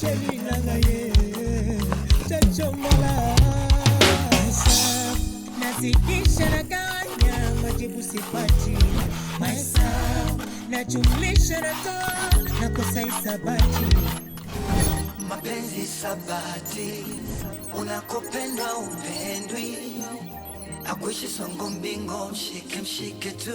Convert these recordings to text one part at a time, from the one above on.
செவிநகையே chochomola maisha nazidisha na ganya majibu sipati najumlisha na toa na kosa isabati mapenzi sabati unakopendwa upendwi akuishi songo mbingo mshike mshike tu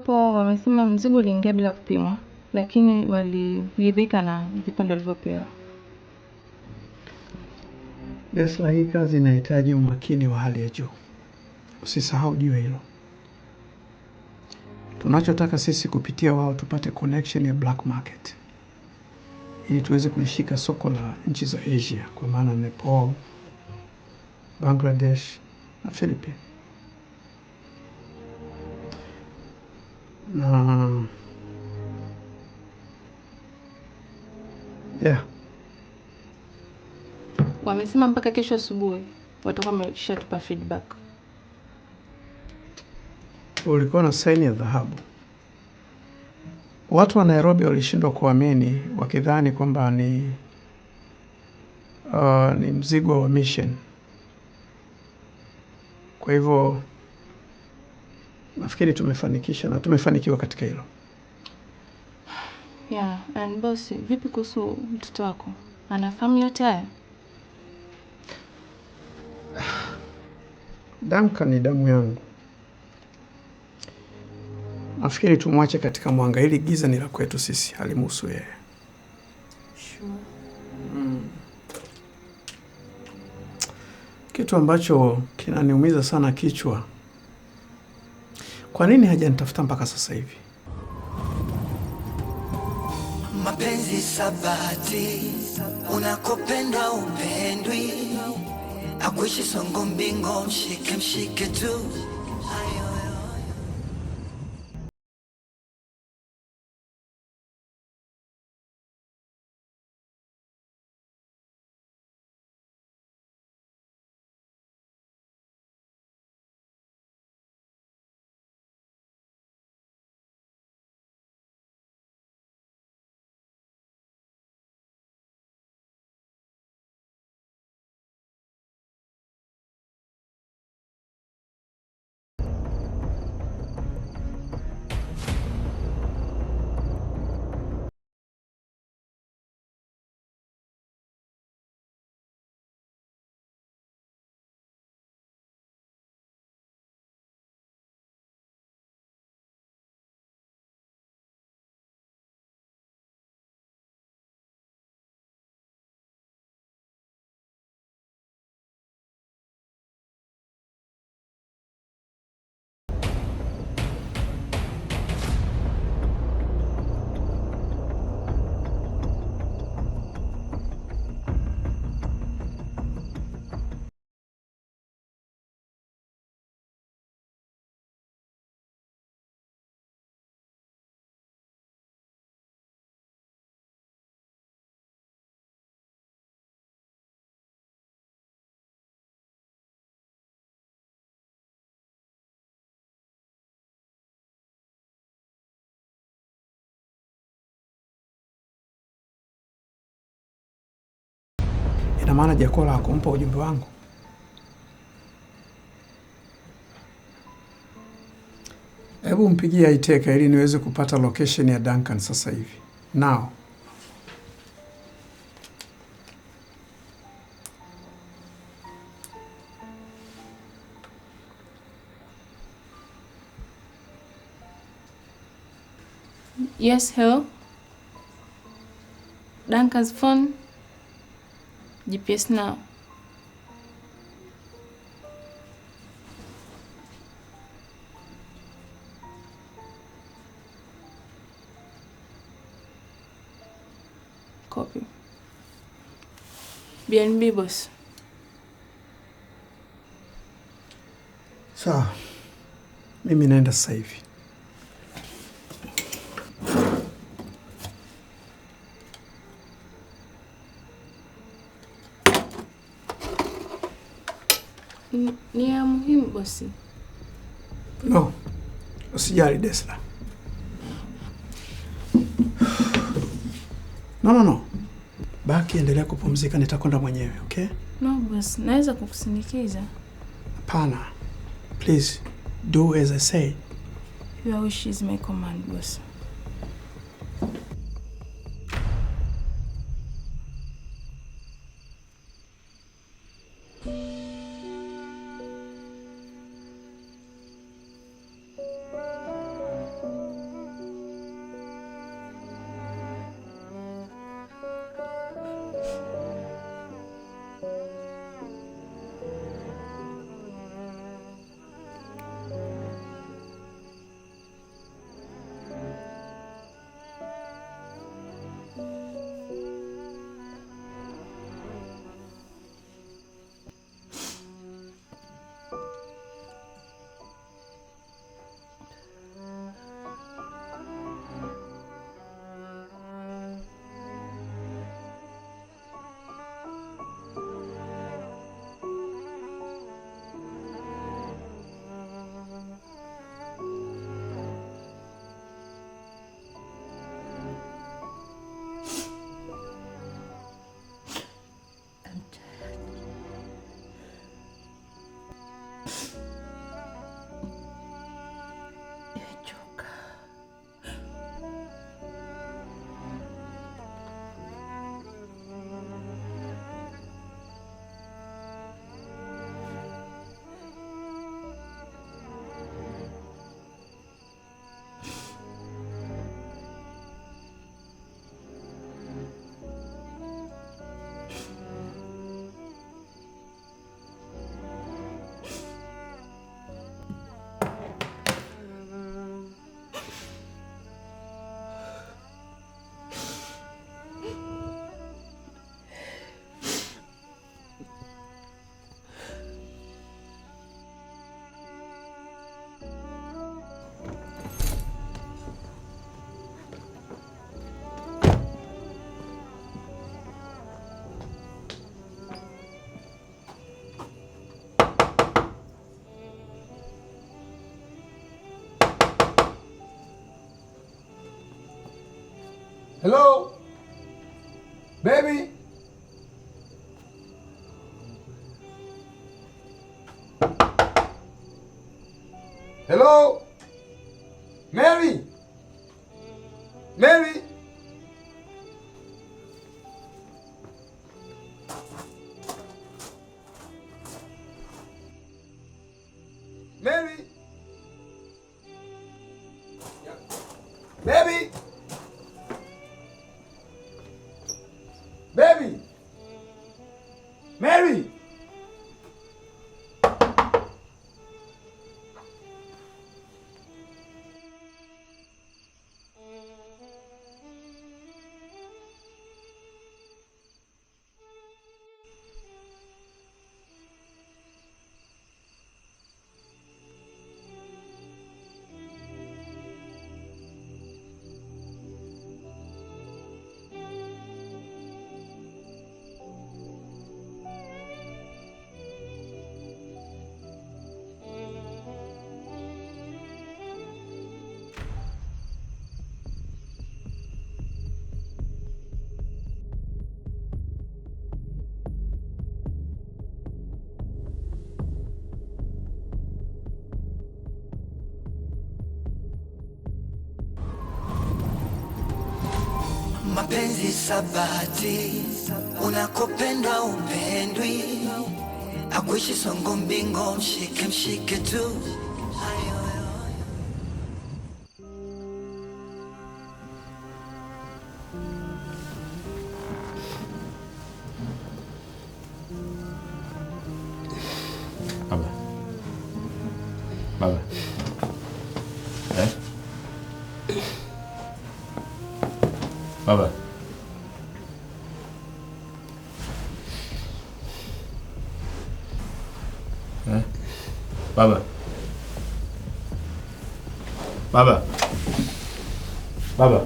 ambapo wamesema mzigo uliingia bila kupimwa, lakini waliridhika na vipande walivyopewa. Ghafla hii kazi inahitaji umakini wa hali ya juu, usisahau jue hilo. Tunachotaka sisi kupitia wao tupate connection ya black market ili tuweze kulishika soko la nchi za Asia, kwa maana Nepal, Bangladesh na Philippines. Um, yeah. Wamesema mpaka kesho asubuhi watakuwa wameshatupa feedback. Ulikuwa na saini ya dhahabu. Watu wa Nairobi walishindwa kuamini wakidhani kwamba ni uh, ni mzigo wa mission. Kwa hivyo nafikiri tumefanikisha na tumefanikiwa katika hilo. Yeah, and boss, vipi kuhusu mtoto wako? Anafahamu yote haya? Damka ni damu yangu. Nafikiri tumwache katika mwanga, ili giza ni la kwetu sisi, halimuhusu yeye. Sure. Mm. Kitu ambacho kinaniumiza sana kichwa kwa nini hajanitafuta mpaka sasa hivi? Mapenzi sabati, unakopenda upendwi, akuishi songo mbingo, mshike mshike tu Ina maana Jakola akumpa ujumbe wangu? Hebu mpigie Aiteka ili niweze kupata location ya Duncan sasa hivi now. Yes, hello. Duncan's phone GPS now. Copy. Bien vivos. So, mimi naenda sasa aussi. aussi Non, bosi? No, usijali Desla. Non, non, non. baki, endelea kupumzika, nitakwenda mwenyewe okay? No boss, naweza kukusindikiza. Hapana, please do as I say. Your wish is my command boss. Hello? Baby? Hello? Mary? mapenzi sabati, unakopendwa upendwi, akuishi songo mbingo, mshike mshike tu. Bye ah bye. Ah, eh? Baba. Baba. Baba.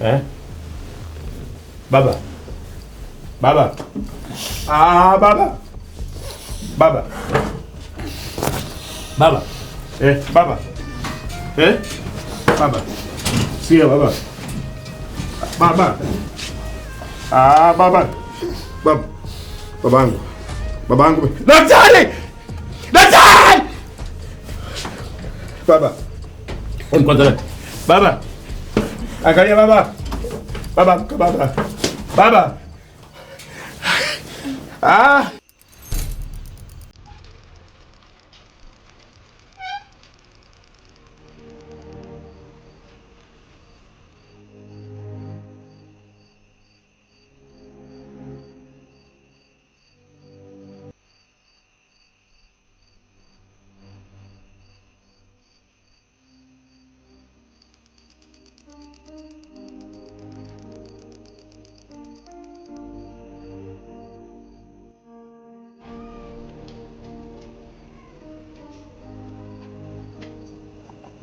Eh? Baba. Baba. Ah, baba. Baba. Baba. Eh, baba. Eh? Baba. Siga, baba. Baba. Ah, baba. Baba. Babangu. Babangu. Daktari! Daktari! Baba. Mkwanza. Baba. Angalia baba. Baba, baba. Baba. Ah!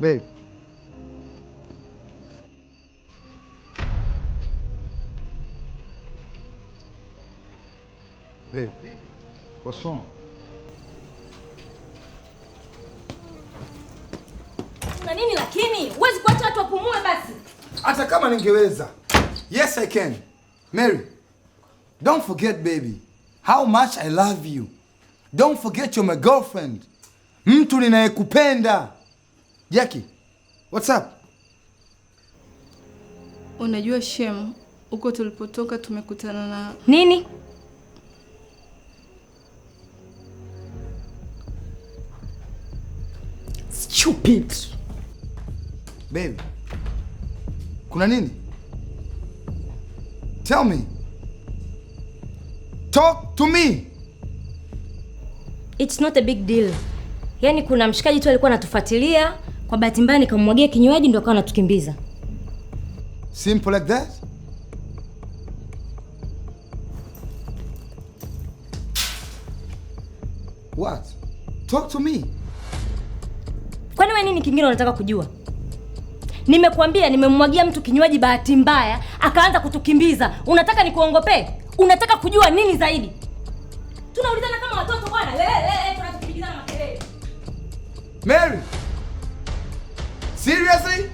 Babe. Babe. What's wrong? Na nini lakini? Huwezi kuacha watu wapumue basi. Hata kama ningeweza. Yes, I can. Mary, don't forget baby how much I love you. Don't forget you're my girlfriend. Mtu ninayekupenda. Jackie, what's up? Unajua Shem, huko tulipotoka tumekutana na nini? Stupid. Baby, kuna nini? Tell me. Talk to me. It's not a big deal. Yaani kuna mshikaji tu alikuwa anatufuatilia kwa bahati mbaya nikamwagia kinywaji ndo akawa anatukimbiza. Simple like that. What? Talk to me. Kwani wewe nini kingine unataka kujua? Nimekuambia nimemwagia mtu kinywaji bahati mbaya akaanza kutukimbiza. Unataka nikuongopee? Unataka kujua nini zaidi? Tunaulizana kama watoto bwana. Wewe wewe tunatukimbiza makelele. Mary, seriously?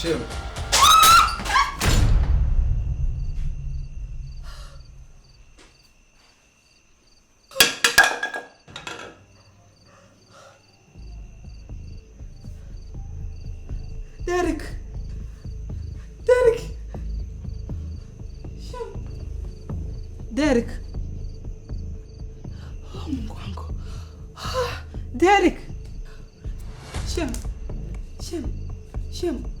Shoot. Derek. Derek. Derek. Oh, Mungu wangu. Derek. Shem. Shem. Shem.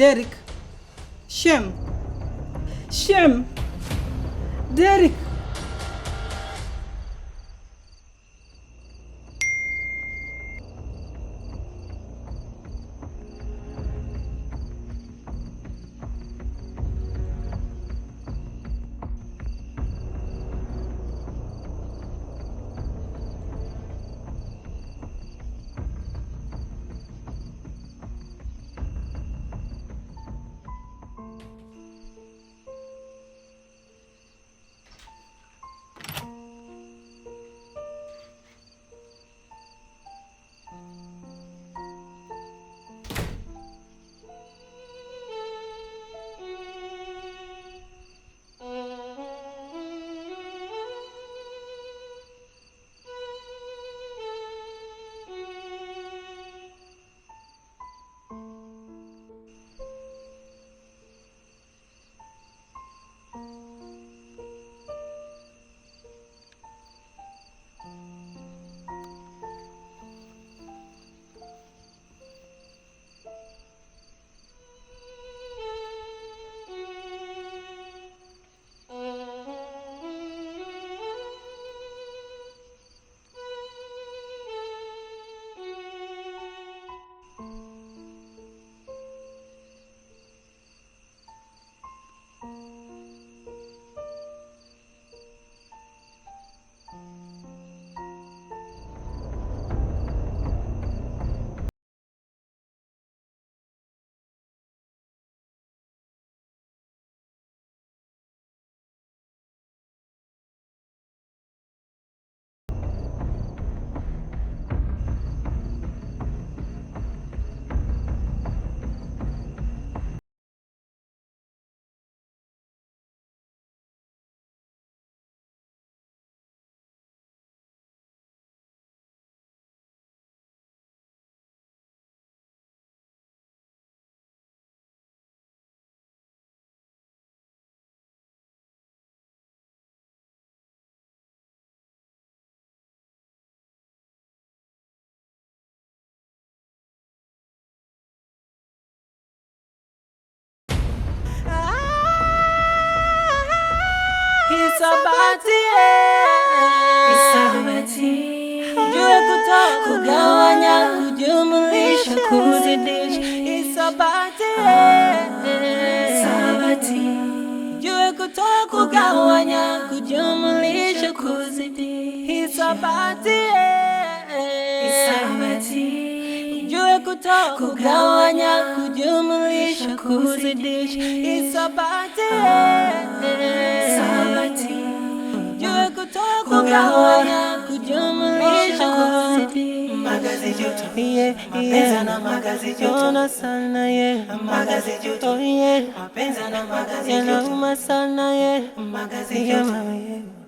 Derek. Shem. Shem. Derek. isabati sabati jue kutoa kugawanya kujumulisha kuzidi isabati jue kutoa kugawanya isabati sabati jue kutoa kugawanya magazeti utumie, mapenza na magazeti utumie sana ye, magazeti utumie, mapenza na magazeti utumie, yanauma sana ye, magazeti utumie